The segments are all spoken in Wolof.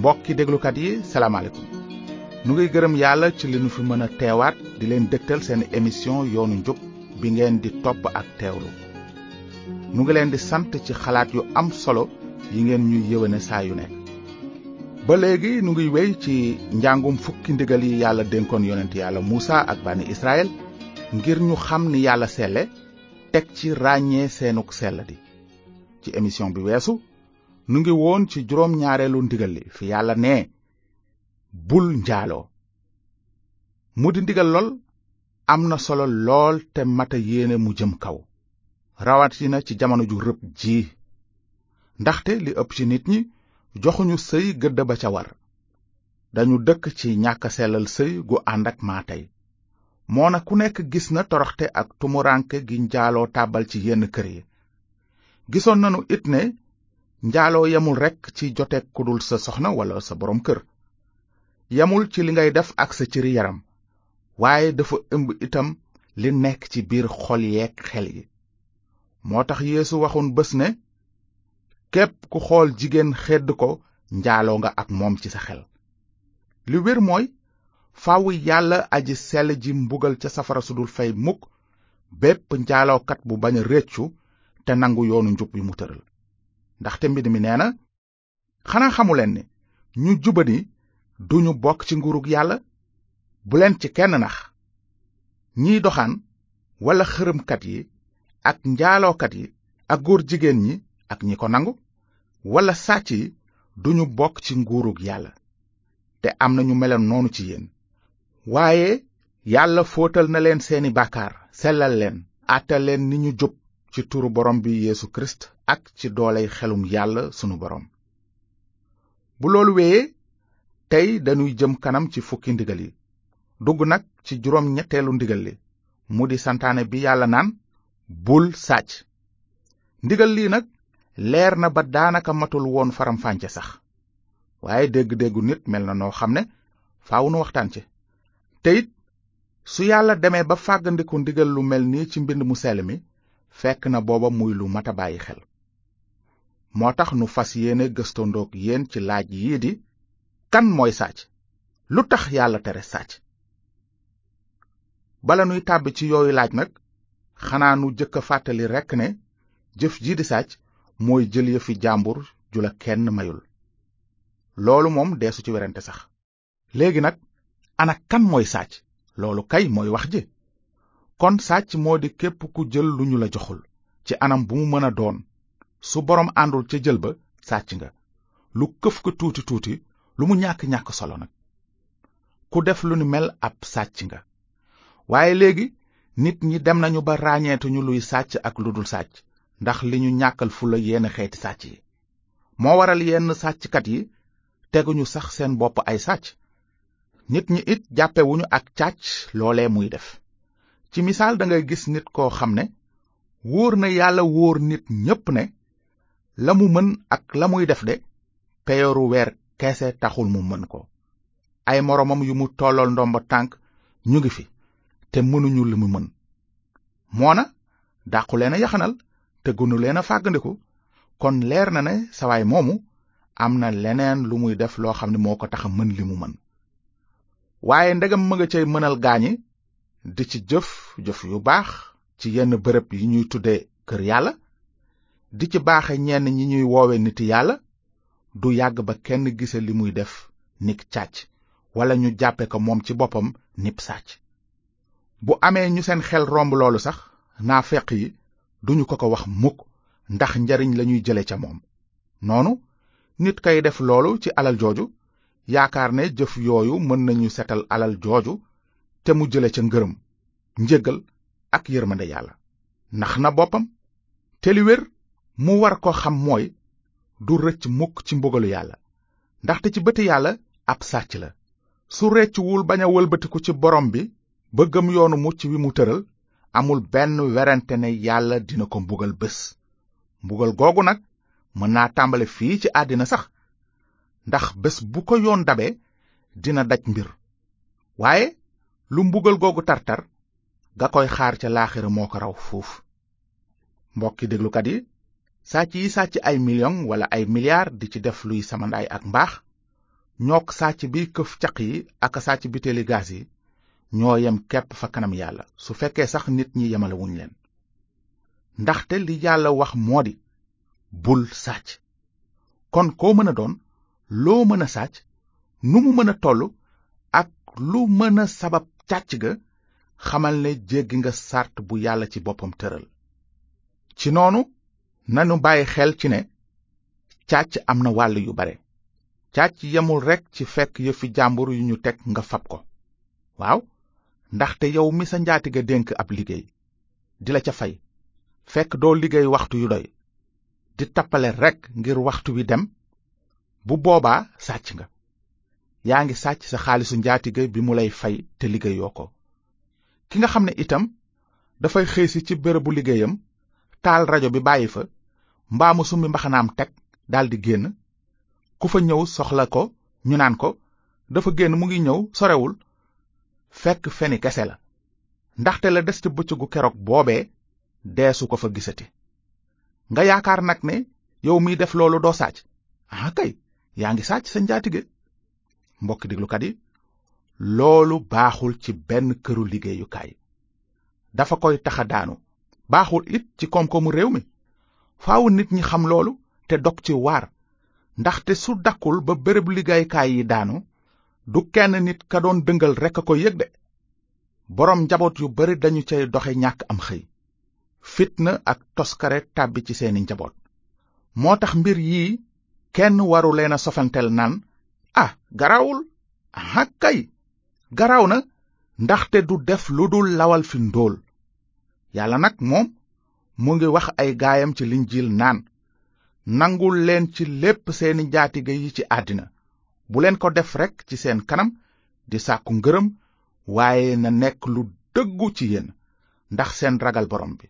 mbokki déglukat yi salaamaaleykum nu ngi gërëm yàlla ci li nu fi mën a teewaat di leen dëgtal seen émission yoonu njub bi ngeen di topp ak teewlu nu ngi leen di sant ci xalaat yu am solo yi ngeen ñuy yéwéne saa yu nekk ba léegi nu ngi wéy ci njàngum fukki ndigal yi yàlla dénkoon yonent yàlla Muusa ak bànni Israël ngir ñu xam ni yàlla selle teg ci ràññee seenuk sell di ci émission bi weesu nu ngi woon ci juróom ñaareelu ndigal li fi yàlla ne bul njaaloo mu di ndigal lol am na solo lool te mata yéene mu jëm kaw na ci jamono ju rëb ji ndaxte li ëpp ci nit ñi joxuñu sëy gëdd ba ca war dañu dëkk ci ñàkk sellal sëy gu ànd ak maatey moo na ku nekk gis na toroxte ak tumuranke gi njaaloo tàbbal ci yenn kër yi gisoon nanu it ne njaaloo yamul rekk ci jote ku dul sa soxna walla sa boroom kër yamul ci li ngay def ak sa cëri yaram waaye dafa ëmb itam li nekk ci biir xol yeeg xel yi moo tax yéesu waxoon bés ne képp ku xool jigéen xedd ko njaaloo nga ak moom ci sa xel li wér mooy faw yàlla aji sell ji mbugal ca safara su dul fay mukk bépp njaalookat bu bañ a réccu te nangu yoonu njub wi mu tëral ndaxte mbir mi nee na xanaa xamuleen ni ñu juba jubadi duñu bokk ci nguurug yàlla bu leen ci kenn nax ñiy doxaan walla xërëmkat yi ak njaalookat yi ak góor jigéen ñi ak ñi ko nangu walla sàcc yi duñu bokk ci nguurug yàlla te am na ñu meloon noonu ci yéen waaye yàlla fóotal na leen seeni bàkkaar sellal leen àttal leen ni ñu jub ci turu borom bi Yesu Christ ak ci dooley xelum yàlla sunu borom. bu loolu wéyee tey dañuy jëm kanam ci fukki ndigal yi dugg nag ci juróom ñetteelu ndigal li mu di santaane bi yàlla naan bul sàcc ndigal lii nag leer na ba daanaka matul woon faram sax waaye dégg-déggu nit mel na noo xam ne faaw nu waxtaan ci te su yàlla demee ba fàggandiku ndigal lu mel nii ci mbind mu sell mi fekk na booba muy lu mat a bàyyi xel moo tax nu fas yéene gëstandoog yéen ci laaj yii di kan mooy sàcc lu tax yàlla tere sàcc bala nuy tàbbi ci yooyu laaj nag xanaa nu jëkk a fàttali rekk ne jëf jii di sàcc mooy jël yëfi jàmbur ju la kenn mayul loolu moom deesu ci werante sax léegi nag ana kan mooy sàcc loolu kay mooy wax ji kon sàcc moo di képp ku jël lu ñu la joxul ci anam bu mu mën a doon su boroom àndul ca jël ba sàcc nga lu këf ko tuuti tuuti lu mu ñàkk ñàkk solo nag ku def lu ni mel ab sàcc nga waaye léegi nit ñi dem nañu ba ràññeetuñu luy sàcc ak lu dul sàcc ndax li ñu ñàkkal fula yenn xeeti sàcc yi moo waral yenn sàcckat yi teguñu sax seen bopp ay sàcc nit ñi it jàppewuñu ak càcc loolee muy def ci misaal dangay gis nit koo xam ne wóor na yàlla wóor nit ñépp ne la mu mën ak la muy def de peyooru weer keese taxul mu mën ko ay moroomam yu mu tollool ndomba tànk ñu ngi fi te mënuñu li mu mën moona dàqu leen a yaxanal te gënu leen a fàggandiku kon leer na ne sawaay moomu am na leneen lu muy def loo xam ne moo ko tax mën li mu mën waaye ndegam ma nga cay mënal gaañi di ci jëf jëf yu baax ci yenn bërëb yi ñuy tudde kër yàlla di ci baaxe ñenn ñi ñuy woowe niti yàlla du yàgg ba kenn gise li muy def nik càcc walla ñu jàppe ko moom ci boppam nib sàcc bu amee ñu seen xel romb loolu sax naa feq yi duñu ko ko wax mukk ndax njariñ lañuy jële ca moom noonu nit kay def loolu ci alal jooju yaakaar ne jëf yooyu mën nañu setal alal jooju te mu jële ca ngërëm njëgal ak yërmande yàlla nax na boppam te li wér mu war ko xam mooy du rëcc mukk ci mbugalu yàlla ndaxte ci bëti yàlla ab sàcc la su reccuwul bañ a wëlbatiku ci borom bi ba yoonu mucc wi mu tëral amul benn werante ne yàlla dina ko mbugal bés mbugal googu nag mën naa tàmbale fii ci àddina sax ndax bés bu ko yoon dabe dina daj mbir waaye lu mbugal googu tartar ga koy xaar ca laaxira moo ko raw fuuf mbokki déglukat yi sàcc yi sàcc ay million wala ay milliards di ci def luy samandaay ak mbaax ñook sàcc bi këf caq yi ak sàcc biteeli gaas yi ñoo yem kepp fa kanam yàlla su fekkee sax nit ñi yemalewuñ leen ndaxte li yàlla wax moo di bul sàcc kon koo mën a doon loo mën a sàcc nu mu mën a toll ak lu mën a sabab càcc ga xamal ne jéggi nga sàrt bu yàlla ci boppam tëral ci noonu nanu bàyyi xel ci ne càcc am na wàll yu bare càcc yemul rekk ci fekk yëfi jàmbur yu ñu teg nga fab ko waaw ndaxte yow mi sa njaatige dénk ab liggéey di la ca fay fekk doo liggéey waxtu yu doy di tappale rekk ngir waxtu wi dem bu boobaa sàcc nga yaa ngi sàcc sa xaalisu njaatige bi mu lay fay te liggéeyoo ko ki nga xam ne itam dafay xëysi ci bérébu liggéeyam taal rajo bi bàyyi fa mbaa mu summi mbaxanaam teg daldi génn ku fa ñëw soxla ko ñu naan ko dafa génn mu ngi ñëw sorewul fekk feni kese la ndaxte la des ca bëccëgu keroog boobee deesu ko fa gisati nga yaakaar nag ne yow miy def loolu doo sàcc ah kay yaa ngi sàcc sa njaatige mbokki déglukat yi loolu baaxul ci benn këru liggéeyukaay dafa koy taxa daanu baaxul it ci koom-koomu réew mi faaw nit ñi xam loolu te dog ci waar ndaxte su dakkul ba bërëb liggéeyukaay yi daanu du kenn nit ka doon dëngal rekk a ko yëg de boroom njaboot yu bari dañu cay doxe ñàkk am xëy fitna ak toskare tàbbi ci seeni njaboot moo tax mbir yii kenn waru leen a sofantel naan ah garaawul ah garaaw na ndaxte du def lu dul lawal fi ndóol yàlla nag moom mu ngi wax ay gaayam ci linjiil naan nangul leen ci lépp seeni njaatige yi ci àddina bu leen ko def rekk ci seen kanam di sàkku ngërëm waaye na nekk lu dëggu ci yéen ndax seen ragal borom bi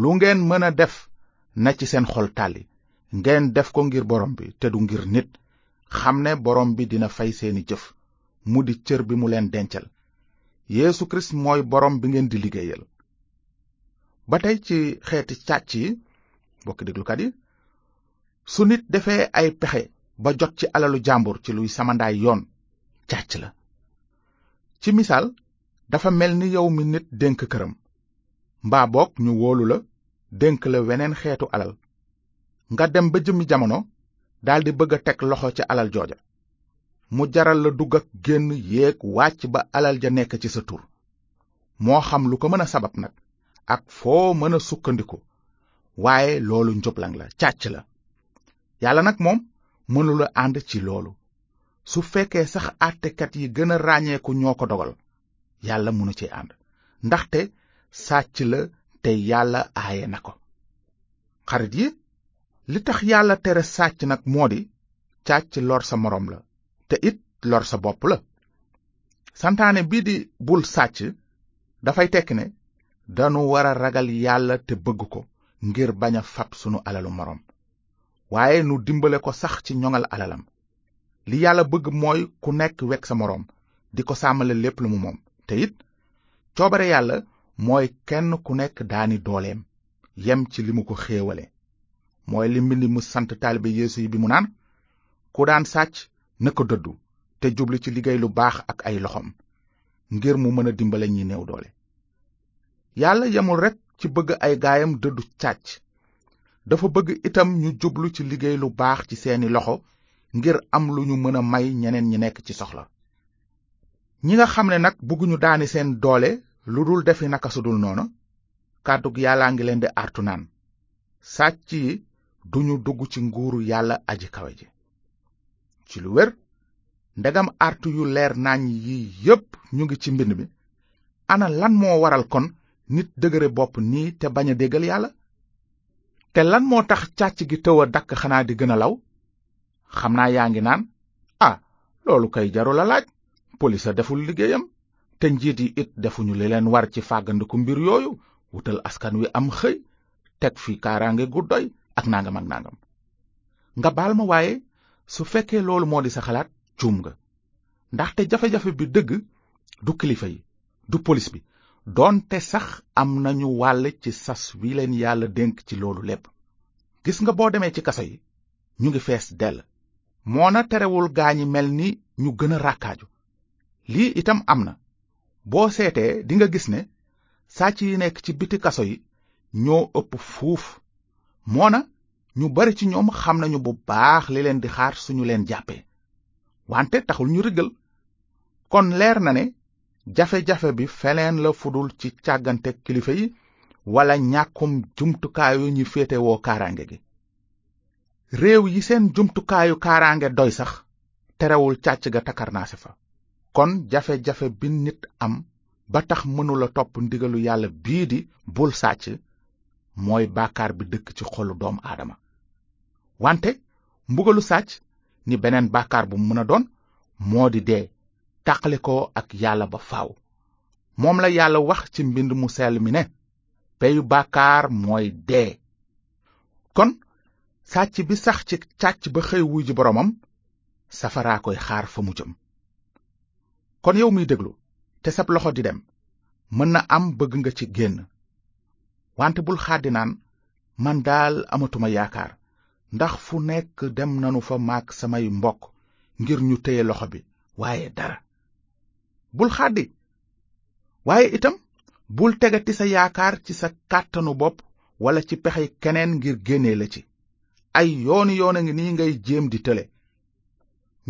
lu ngeen mën a def na ci seen xol tàlli ngeen def ko ngir borom bi te du ngir nit xam ne boroom bi dina fay seeni jëf mu di cër bi mu leen dencal yéesu Kirist mooy borom bi ngeen di liggéeyal ba tey ci xeeti càcc yi bokki yi su nit defee ay pexe ba jot ci alalu jàmbur ci luy samandaay yoon càcc la ci misaal dafa mel ni yow mi nit dénk këram mbaa boog ñu wóolu la dénk la weneen xeetu alal nga dem ba jëmmi jamono daldi bëgg a teg loxo ca alal jooja mu jaral la dugg ak génn yéeg wàcc ba alal ja nekk ci sa tur moo xam lu ko mën a sabab nag ak foo mën a sukkandiku waaye loolu njublang la càcc la yàlla nag moom mënula ànd ci loolu su fekkee sax àttekat yi gën a ràññeeku ñoo ko dogal yàlla mënu ci ànd ndaxte sàcc la te yàlla aaye na ko xarit yi li tax yàlla tere sàcc nag moo di càcc lor sa moroom la te it lor sa bopp la santaane bii di bul sàcc dafay tekki ne danu war a ragal yàlla te bëgg ko ngir bañ a fab sunu alalu moroom waaye nu dimbale ko sax ci ñoŋal alalam li yàlla bëgg mooy ku nekk wek sa moroom di ko sàmmale lépp lu mu moom te it coobare yàlla mooy kenn ku nekk daani dooleem yem ci li mu ko xéewale mooy li mu sant taalibe yeesu yi bi mu naan ku daan sàcc na ko dëddu te jublu ci liggéey lu baax ak ay loxoom ngir mu mën a dimbale ñi néew doole yàlla yemul rekk ci bëgg ay gaayam dëddu càcc dafa bëgg itam ñu jublu ci liggéey lu baax ci seeni loxo ngir am lu ñu mën a may ñeneen ñi nekk ci soxla ñi nga xam ne nag bëgguñu daani seen doole lu dul defi naka sudul noonu kàddug yàllaa ngi leen di artu naan sàcc yi du ñu dugg ci nguuru yàlla aji kawe ji ci lu wér ndegam artu yu leer nañ yi yépp ñu ngi ci mbind mi ana lan moo waral kon nit dëgëre bopp nii te bañ a déggal yàlla te lan moo tax càcc gi tëw a dakk xanaa di gën a law xam naa yaa ngi naan ah loolu koy jarul a laaj polis a deful liggéeyam te njiit yi it defuñu li leen war ci fàggandiku mbir yooyu wutal askan wi am xëy teg fii kaaraange gu doy ak nangam ak nangam nga baal ma waaye su fekkee loolu moo di sa xalaat juum nga ndaxte jafe-jafe bi dëgg du kilifa yi du polis bi doonte sax am nañu wàll ci sas wi leen yàlla dénk ci loolu lépp gis nga boo demee ci kaso yi ñu ngi fees dell moo na terewul gaañi mel ni ñu gën a ràkkaaju lii itam am na boo seetee dinga gis ne sàcc yi nekk ci biti kaso yi ñoo ëpp fuuf moona ñu bari ci ñoom xam nañu bu baax li leen di xaar suñu leen jàppee wante taxul ñu rëggal kon leer na ne jafe-jafe bi feneen la fudul ci càggante kilifa yi walla ñàkkum jumtukaayu ñi féetewoo kaaraange gi réew yi seen jumtukaayu kaaraange doy sax terewul càcc ga takarnaase fa kon jafe-jafe bi nit am ba tax mënula topp ndigalu yàlla bii di bul sàcc mooy bàkkaar bi dëkk ci xolu doomu aadama wante mbugalu sàcc ni beneen bàkkaar bu mën a doon moo di dee tàqale ko ak yàlla ba faaw moom la yàlla wax ci mbind mu sell mi ne peyu bàkkaar mooy dee kon sàcc bi sax ci càcc ba xëy wuy ji boromam safaraa koy xaar fa mu jëm kon yow muy déglu te sab loxo di dem mën na am bëgg nga ci génn wante bul xàddi man daal amatuma yaakaar ndax fu nekk dem nanu fa maak samay mbokk ngir ñu téye loxo bi waaye dara bul xàddi waaye itam bul tegati sa yaakaar ci sa kàttanu bopp wala ci pexe keneen ngir génne la ci ay yooni yoon a ngi nii ngay jéem di tële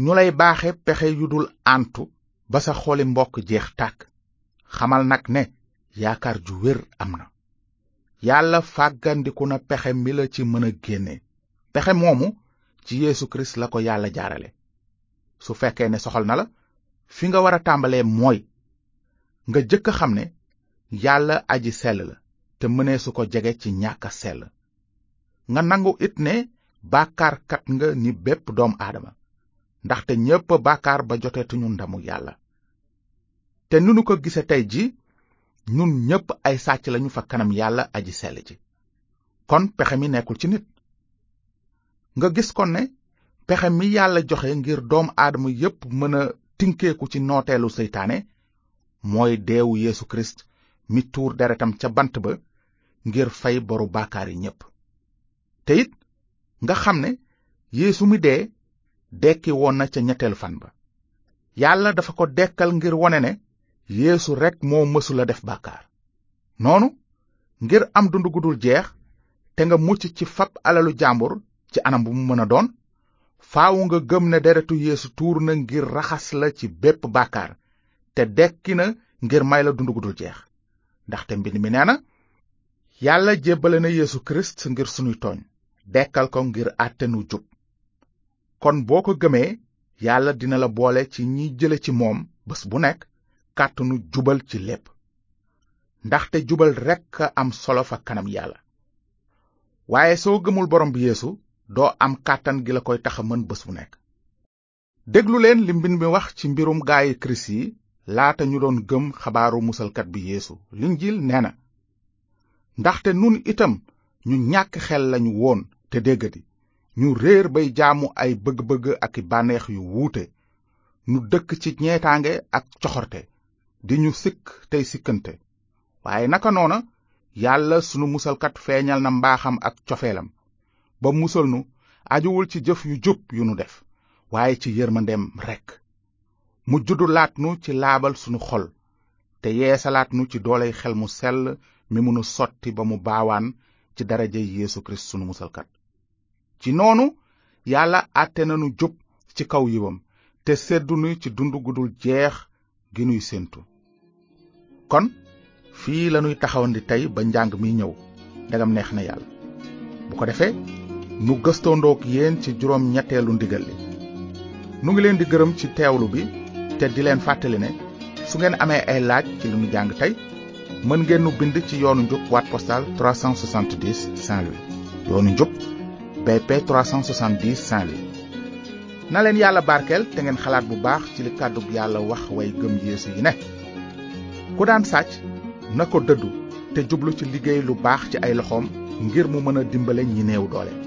ñu lay baaxe pexe yu dul àntu ba sa xoli mbokk jeex tàkk xamal nag ne yaakaar ju wér am na yàlla fàggandiku na pexe mi la ci mën a génne pexe moomu ci Yeesu Kirist la ko yàlla jaarale su fekkee ne soxal na la fi nga war a tàmbalee mooy nga jëkk a xam ne yàlla aji sell la te mënee su ko jege ci ñàkk a sell nga nangu it ne bàkkaarkat nga ni bépp doom aadama ndaxte ñépp bàkkaar ba joteetuñu ndamu yàlla te nu nu ko gise tey ji nun ñépp ay sàcc lañu fa kanam yàlla aji sell ji kon pexe mi nekkul ci nit nga gis kon ne pexe mi yàlla joxe ngir doom aadama yépp mën a tinkeeku ci nooteelu seytaane mooy deewu yéesu Kirist mi tuur deretam ca bant ba ngir fay boru baakaar yi ñépp te it nga xam ne yéesu mi dee dekki woon na ca ñetteelu fan ba yàlla dafa ko dekkal ngir wone ne yeesu rekk moo mësula def bàkkaar noonu ngir am dund gu jeex te nga mucc ci fab alalu jàmbur ci anam bu mu mën a doon faaw nga gëm ne deretu yéesu tuur na ngir raxas la ci bépp bàkkaar te dekki na ngir may la dund gu dul jeex ndaxte mbind mi nee na yàlla jébbale na yéesu kirist ngir sunuy tooñ dekkal ko ngir àtte nu jub kon boo ko gëmee yàlla dina la boole ci ñiy jële ci moom bés bu nekk kàttanu jubal ci lépp ndaxte jubal rekk a am solo fa kanam yàlla waaye soo gëmul borom bi yéesu doo am kàttan gi la koy taxa mën bés bu nekk déglu leen li mbind mi wax ci mbirum gaayi kirist yi laata ñu doon gëm xabaaru musalkat bi yeesu linjiil nee na ndaxte nun itam ñu ñàkk xel lañu woon te déggadi ñu réer bay jaamu ay bëgg-bëgg ak i bànneex yu wuute ñu dëkk ci ñeetaange ak coxorte di ñu sikk tey sikkante waaye naka noona yàlla sunu musalkat feeñal na mbaaxam ak cofeelam ba musal nu ajuwul ci jëf yu jub yu nu def waaye ci yërmandeem rekk mu laat nu ci laabal sunu xol te yeesalaat nu ci dooley xel mu sell mi mënu sotti ba mu baawaan ci daraja Yeesu Kirist sunu musalkat ci noonu yàlla àtte nanu jub ci kaw yiwam te seddu nu ci dund gudul jeex gi nuy séentu kon fii lañuy taxawandi tey ba njàng mi ñëw ndegam neex na yàlla bu ko defee nu gëstandook yeen ci juróom ñetteelu ndigal li nu ngi leen di gërëm ci teewlu bi te di leen fàttali ne su ngeen amee ay laaj ci lu ñu jàng tey mën ngeen nu bind ci yoonu njub boîte postale 370 Saint-Louis yoonu njub BP 370 Saint-Louis na leen yàlla barkeel te ngeen xalaat bu baax ci li kàddug yàlla wax way gëm yeesu yi ne ku daan sàcc na ko dëddu te jublu ci liggéey lu baax ci ay loxoom ngir mu mën a dimbale ñi neewu doole